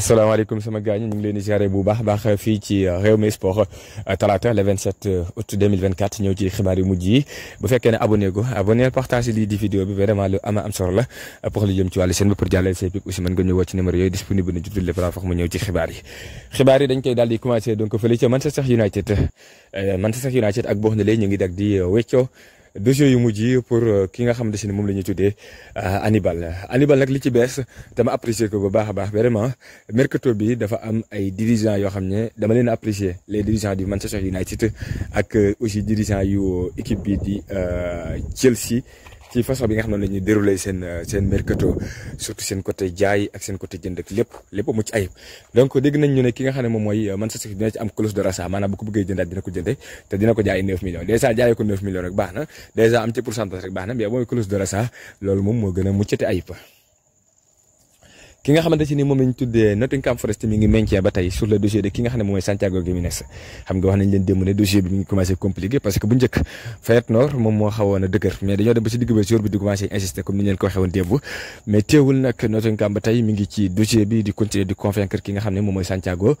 asalaamaaleykum sama gaañu ñu ngi leen di ziare bu baax baax fii ci euh, Rewmi Sport euh, talaata le 27 euh, août 2024 ñëw ci xibaar yu mujj bu fekkee ne abonné ko abonné partage lii di vidéo bi vraiment lu ama am solo la pour lu ci wàllu chaîne bi pour jàllale say pic aussi mën nga ñëwoo ci numéro yooyu disponible na ci toutes les plateformes ñëw ci xibaar yi dañ koy daal di commencé donc fële ca Manchester United Manchester United ak Burnley ngi dag di wéccoo deux jeux yu mujj yi pour euh, ki nga si ne moom la ñuy tuddee euh, Hannibal annibal nag li ci bees dama apprécier ko bu baax a baax vraiment mercato bi dafa am ay dirigeants yoo xam ne dama leen apprécier les dirigeants du Manchester United ak euh, aussi dirigeants yu équipe bi di Chelsea. ci façon bi nga xam ne la ñuy déroulé seen euh, seen mercato surtout seen côté jaay ak seen côté jënd ak lépp lépp mucc ayib donc dégg nañ ñu ne ki nga xam ne moom mooy euh, Manchester City dina ci am clause de rachat maanaam bu ko bëggee jëndaat dina ko jënde te dina ko jaay 9 millions dèjà jaayee ko 9 rek baax na dèjà am ci pourcentage rek baax na mais mooy clause de rachat loolu moom moo gën a muccate ayib ki nga xamante ci ni moom la ñu tuddee Nottingham Forest mi ngi maintien ba tey sur le dossier de ki nga xam ne moom mooy a dëgër mais dañoo dem ba ci digg ba dossier bi di continuer moom mooy Santiago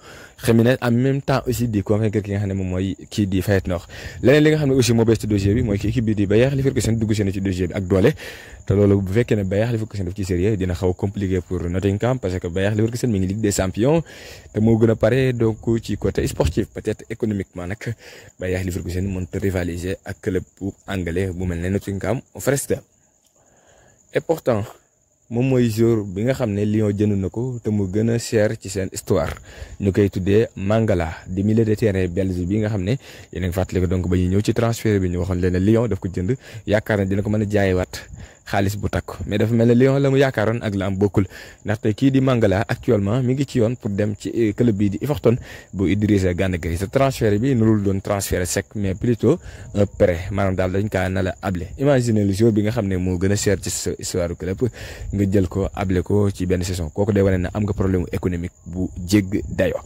Gimenez en même temps aussi di convaincre ki nga moom mooy kii di Feyenoord leneen li nga xam aussi moo bees dossier bi mooy ki équipe di Bayer Leverkusen dugg seen ci dossier bi ak doole te loolu bu fekkee ne Bayer Leverkusen daf ci série dina xaw compliqué pour Nottingham parce que Bayer Leverkusen mi ngi Ligue des Champions te moo gën a pare donc ci côté sportif peut-être économiquement nag Bayer Leverkusen mënta rivaliser ak club bu anglais bu mel ne Nottingham Forest et pourtant moom mooy jour bi nga xam ne Lyon jënd na ko te mu gën a cher ci seen histoire ñu koy tuddee Mangala di milieu de terrain belge bi nga xam ne yéen a ngi fàttali ko ba ñuy ñëw ci transfert bi ñu waxoon leen ne Lyon ko jënd yaakaar na dina ko mën a jaayewaat xaalis bu takk mais dafa mel ne Lyon la mu yaakaaroon ak la am bokkul ndaxte kii di Mangala actuellement mi ngi ci yoon pour dem ci euh, club bi di Everton bu Idrissa Gana Gueye sa transfert bi nurul doon transfert sec mais plutôt un euh, prêt maanaam daal dañ kaa na la able imagine le bi nga xam ne moo gën a cher ci sa histoire club nga jël ko able ko ci benn saison kooku day wane ne am nga problème économique bu jégg dayo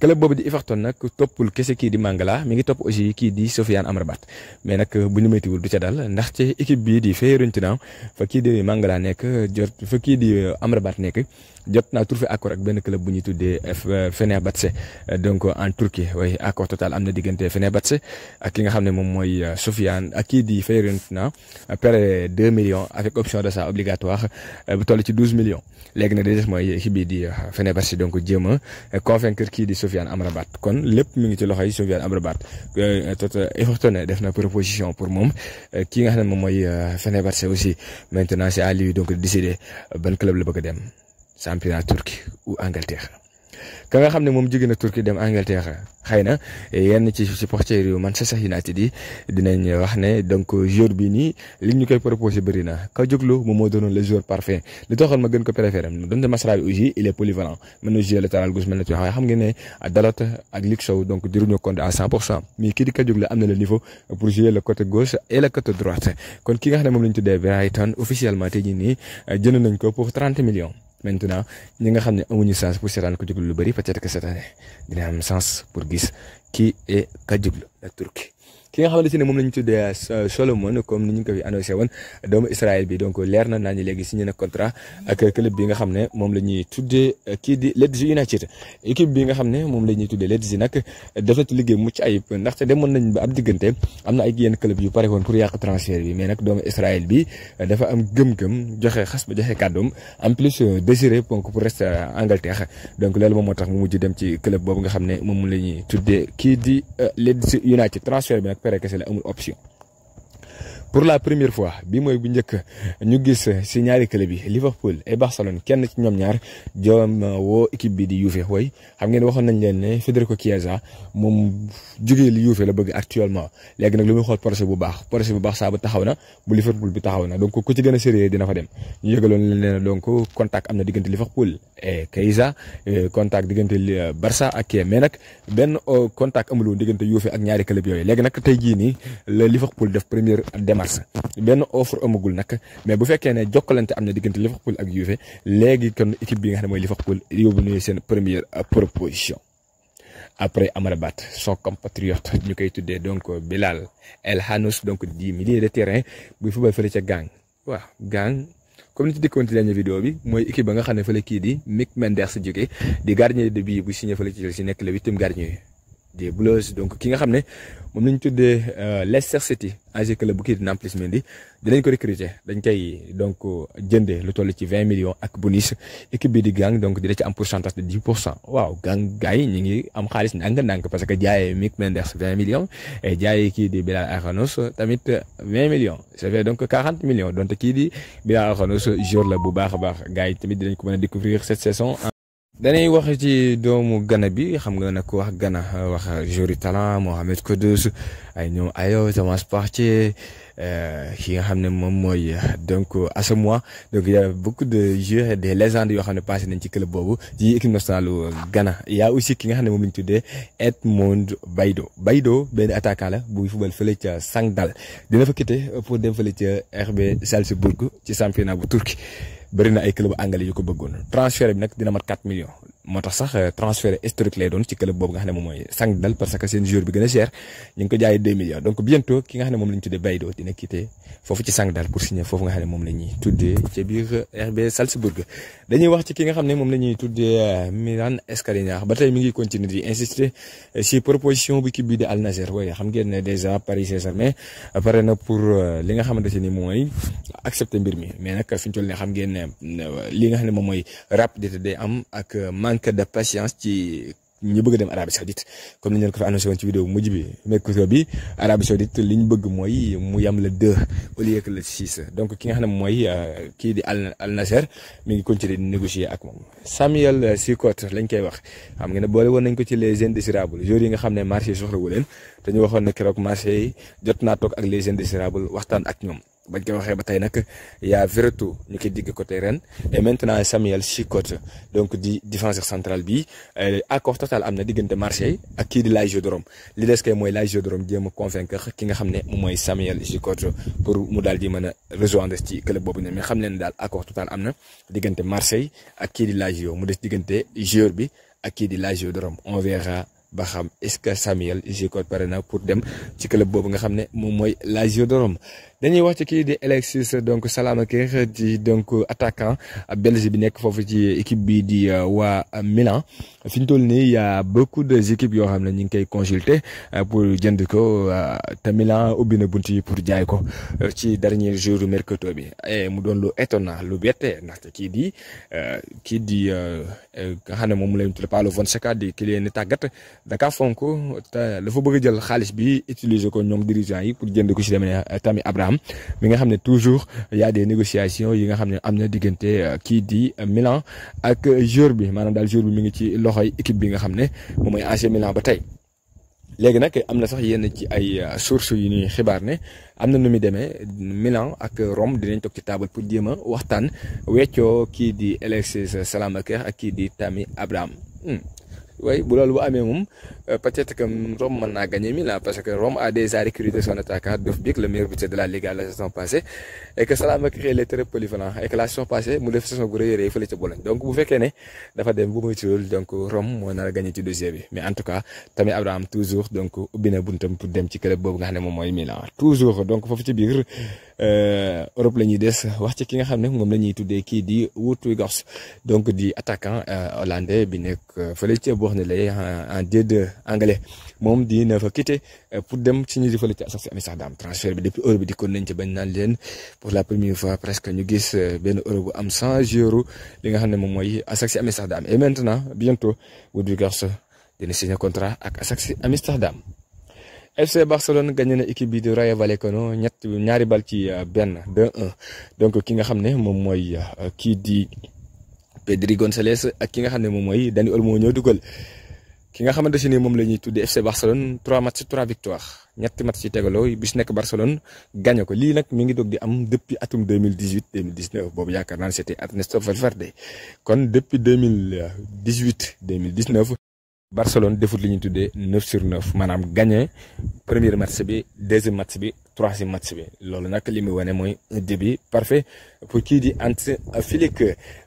club boobu di Everton nag toppul kese kii di Mangala mi ngi topp aussi kii di Sofiane Amrabat mais nag bu ñu moytuwul du ca dal ndax ce équipe bii di Fiorentina fa kii di Mangala nekk jot fa kii di euh, Amrabat nekk. jot naa trouvé accord ak benn club bu ñuy tuddee euh, Fenerbahçe euh, donc en Turquie waaye accord total am na diggante Fenerbahçe ak ki nga xam ne moom mooy euh, Sofiane ak kii di Fiorentina prêt 2 millions avec option d'achat obligatoire bu toll ci 12 millions léegi nag day mooy équipe bi di Fenerbahçe donc jéem a convaincre kii di Sofiane Amrabat kon lépp mu ngi ci loxoy Sofiane Amrabat tot Everton def na proposition pour moom ki nga xam ne moom mooy Fenerbahçe aussi maintenant c'est à lui donc de décider ban club la bëgg a dem. championnat Turquie ou Angleterre. ka nga xam ne moom jóge na Turquie dem Angleterre xëy na yenn ci supporter yu Manchester United yi dinañ wax ne donc joueur bi nii li ñu koy proposé bëri na ka jóglu moom moo doonoon le joueur parfait li ko préféré donte Masraoui aussi il xam ngeen ne Dalot ak Luke Shaw donc diruñu compte à 100 pour cent mais kii di ka jóglu am na le niveau pour jouer le côté gauche et le côté droite kon ki nga xam moom la ñu tuddee Brighton maintenant ñi nga xam ne amuñu sens pour seetaan ko jublu lu bëri peut-être que cette année dina am sens pour gis qui est Kajuglu la Turquie ki nga xamante ne moom la ñu tuddee euh, Solomon comme ni ñu ko fi woon doomu Israël bi donc leer na naa léegi signé na contrat ak club bi nga xam ne moom la ñuy tuddee euh, kii di Leeds United équipe bi nga xam ne moom la ñuy tuddee Leeds yi na ci liggéey mucc ayib ndaxte demoon nañ ba diggante am na ay yenn club yu pare woon pour yàq transfert bi mais nag doomu Israël bi euh, dafa am gëm joxe xas ba joxe kàddoom en plus désiré donc pour rester Angleterre donc loolu moom moo tax mu mujj dem ci club boobu nga xam ne moom la ñuy tuddee kii di Leeds United transfert bi nag opéré kese la amul option. pour la première fois bi mooy bu njëkk ñu gis si ñaari club yi Liverpool et Barcelone kenn ci ñoom ñaar joom woo équipe bi di Juve way xam ngeen waxoon nañ leen ne Federico Chiesa moom jógee li Juve la bëgg actuellement léegi nag lu muy xool projet bu baax projet bu ba taxaw na bu Liverpool bi taxaw na donc ku ci gën a sérieux dina fa dem ñu yëgaloon leen ne donc contact am na diggante Liverpool et Chiesa euh, contact diggante euh, Barça ak kii mais nag benn euh, contact amul woon diggante Juve ñaari club yooyu léegi nag la Liverpool mars benn offre amagul nag mais bu fekkee ne jokkalante am na diggante Liverpool ak Juve léegi kon équipe bi nga xam ne mooy Liverpool yóbbu nañu seen première proposition après soo son compatriote ñu koy tuddee donc Bilal El Hanous donc di milieu de terrain buy football fële ca Gang waaw Gang comme ni ci dëkkoon ci dernière vidéo bi mooy équipe ba nga xam ne fële kii di Mick Mendes jóge di gardien de but bu signé fële ci Chelsea nekk le huitième gardien des Blues donc ki nga xam ne moom la ñu tuddee euh, Leicester City AG club kii di Nampalys Mendy dinañ ko recruter dañ koy donc jëndee lu toll ci vingt ak bonus équipe di gang donc dina ci am pourcentage de dix donc kii di Bilal Arhanos jour la baax a baax gars tamit dinañ ko mën a découvrir cette saison. dañuy wax ci doomu Gana bi xam nga nag wax Gana wax Jory Talla Mohamed Kudus ay ñoom ayo Thomas Partey euh, ki nga xam ne moom mooy donc Asamoah donc y a beaucoup de joueurs et des légendes yoo xam ne passé nañ ci club boobu ci équipe nationale Gana yaa a aussi ki nga xam ne moom la ñu tuddee Edmond Baydo Baydo benn attaquant la buy fubal fële ca Sangdal dina fa quitté pour dem fële ca RB Salzbourg ci championnat bu Turquie bëri na ay club anglais yu ko bëggoon transfert bi nag dina mat 4 millions moo tax sax euh, transfert historique lay doon ci club boobu nga xam ne moom mooy parce que seen joueur bi gën a cher ñu ko jaayee 2 millions donc bientôt ki nga xam ne moom la ñu tuddee Baydo dina quitté foofu ci Sangdal wax ci ki nga xam ne moom la ñuy tuddee euh, Milan Skriniar mi ngi continuer di insister si euh, proposition bu équipe bi de Al Nassr waaye xam ngeen ne Paris Saint-Germain pour li nga xamante ni mooy accepter mbir mi mais nag fi ñu toll nii xam manque de patience ci ñu bëgg dem Arabie Saoudite comme ni ñu leen ko fa annoncé woon ci vidéo bu bi mercato bi Arabie Saoudite li bëgg mooy mu yam le 2 au lieu que donc ki nga xam ne mooy euh, kii di Al Al Nasser mi ngi continuer di négocier ak moom. Samuel Sikot lañ koy wax xam nga ne boole ñu waxoon ne keroog marché jot naa toog ak les indésirables waxtaan ak ñoom. bañ ko waxee ba tey nag y' a Veretout ñu koy digg côté ren et maintenant Samuel Chicotte donc di défenseur central bi euh, accord total am na diggante Marseille ak kii di Lazio de Rome li des mooy Lazio de Rome jéem a convaincre ki nga xam ne moom mooy Samuel Chicotte pour mu daal di mën a ci club boobu ne mais xam leen daal accord total am na diggante Marseille kii di Lazio mu des diggante joueur bi ak kii di Lazio de Rome on verra. ba xam est-ce que Samuel Chicotte pare na pour dem ci club boobu nga xam ne moom mooy Lazio de Rome dañuy wax ci kii di Alexis donc Salamaker di donc attaquant belge bi nekk foofu ci équipe bi di euh, waa Milan fi ñu toll nii y de équipes yoo xam ne ñu ngi koy consulter euh, pour jënd ko euh, te Milan ubbi na bunt yi pour jaay ko ci dernier jour mercato bi mu doon lu étonnant lu bette ndaxte kii di kii di nga xam ne moom lañ tuddee Paolo Fonseca di ki leen tàggat daka fonk te bëgg jël xaalis bi utiliser ko ñoom dirigeant yi pour jënd ko ci demee Tammy Abraham am mi nga xam ne toujours y a des yi nga xam ne am na diggante euh, kii di Milan ak jour bi maanaam daal joueur bi mi ngi ci loxoy équipe bi nga xam ne moom mooy AC Milan ba tey. léegi nag am na sax yenn ci ay euh, sources yu ñuy xibaar ne am na nu muy demee Milan ak Rome dinañ toog ci taabal pour jéem a waxtaan weccoo kii di Alexis Salamaker ak kii di Tammy Abraham. Hmm. waaye bu loolu bu amee moom Euh, peut-être que Rome mën naa gagner Milan parce que Rome a déjà recruté son attaquant Dovbyk le meilleur buteur de la Liga la saison passée et que Salama Kéré polyvalent et la saison passée mu def saison bu rëy a rëy fële ci boobu nga xam ne moom mooy Milan toujours donc foofu ci biir euh, ñuy des wax ci ki nga xam ne moom la ñuy tuddee kii di Woutwilgox donc di attaquant euh, hollandais bi nekk fële ca Bordeaux en anglais moom dina fa quitter euh, pour dem ci ñi di fële ci sax si Amsterdam transfert bi depuis euro bi dikkoon nañ ci bañ naan leen pour la première fois presque ñu gis euh, benn euro am 100 euros li nga xam ne moom mooy Ajax Amsterdam et maintenant bientôt Woodwigers dina signé contrat ak Ajax Amsterdam. FC Barcelone gagné na équipe bi di Rayo Vallecano ñett ñaari bal ci euh, benn 2-1 donc ki nga xam ne moom mooy kii di Pedri Gonçalves ak ki nga xam ne moom mooy Dani Olmo moo ñëw dugal. ki nga xamante si ni moom la ñuy tuddee FC Barcelone trois matchs trois victoires ñetti match ci tegaloo bis nekk Barcelone gagné ko lii nag mi ngi doog di am depuis atum 2018 2019 boobu yaakaar naa ne c'était Ernesto Valverde kon depuis 2018 2019 Barcelone defut li ñu tuddee 9 sur 9 maanaam gagné premier match bi deuxième match bi troisième match bi loolu nag li muy wane mooy un début parfait pour kii di Hansi Flick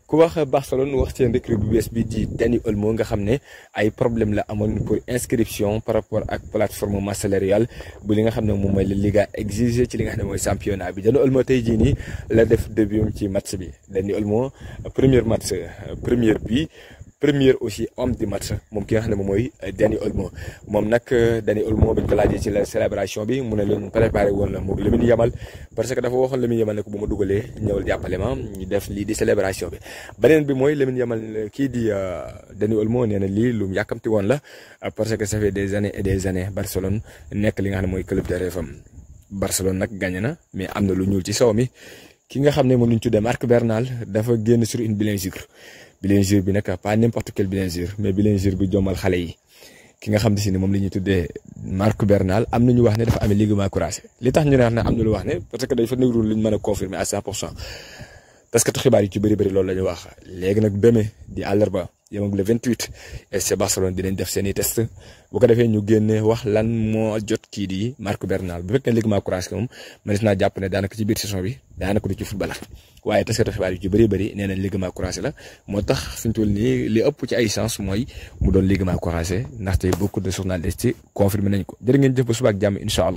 ku wax Barcelone wax seen recrue bu bees bi di Dani Olmo nga xam ne ay problème la amoon pour inscription par rapport ak plateforme masse salariale bu li nga xam ne moom mooy la Liga exigé ci li nga xam ne mooy championnat bi Dani Olmo tey jii nii la def début ci match bi Dani Olmo premier match premier bi premier aussi homme du match moom ki nga xam ne moom mooy euh, Dani Olmo moom nag euh, Dani Olmo bañ ko bi mu ne leen préparé woon la moom Lamine Yamal parce que ko bu ma dugalee ñëwal jàppale ma ñu def lii di bi beneen bi mooy Lamine Yamal euh, kii di Dani Olmo nee na lii lu mu woon la parce que ça fait des années et des années Barcelone nekk li nga xam ne mooy club de rêve am Barcelone na mais am na lu ñuul ci saw mi ki nga xam ne moom la ñu de Marc Bernal dafa génn sur une blessure blénjur bi nag pas n'importe quel blénjur mais blénjur bi jommal xale yi ki nga xam ne si ne moom la ñuy tuddee Marc Bernal am na ñu wax ne dafa amee ligament croisé li tax ñu ne am na lu wax ne parce que dañ fa néewlu luñ mën a confirmer à 100 parce que xibaar yi ci bëri bëri loolu la ñu wax léegi nag demee di ba yem ak le 28 FC Barcelone dinañ def seen i test bu ko defee ñu génne wax lan moo jot kii di Marc Bernal bu fekkee ligament croisé moom mënees naa jàpp ne daanaka ci biir saison bi daanaka du ci football la waaye taskatu xibaar yu ci bëri bëri nee nañ ligament la moo tax fi ñu toll nii li ëpp ci ay chance mooy mu doon ligament croisé ndaxte beaucoup de journalistes confirmé nañ ko jërë ngeen jëf ba suba ak jàmm incha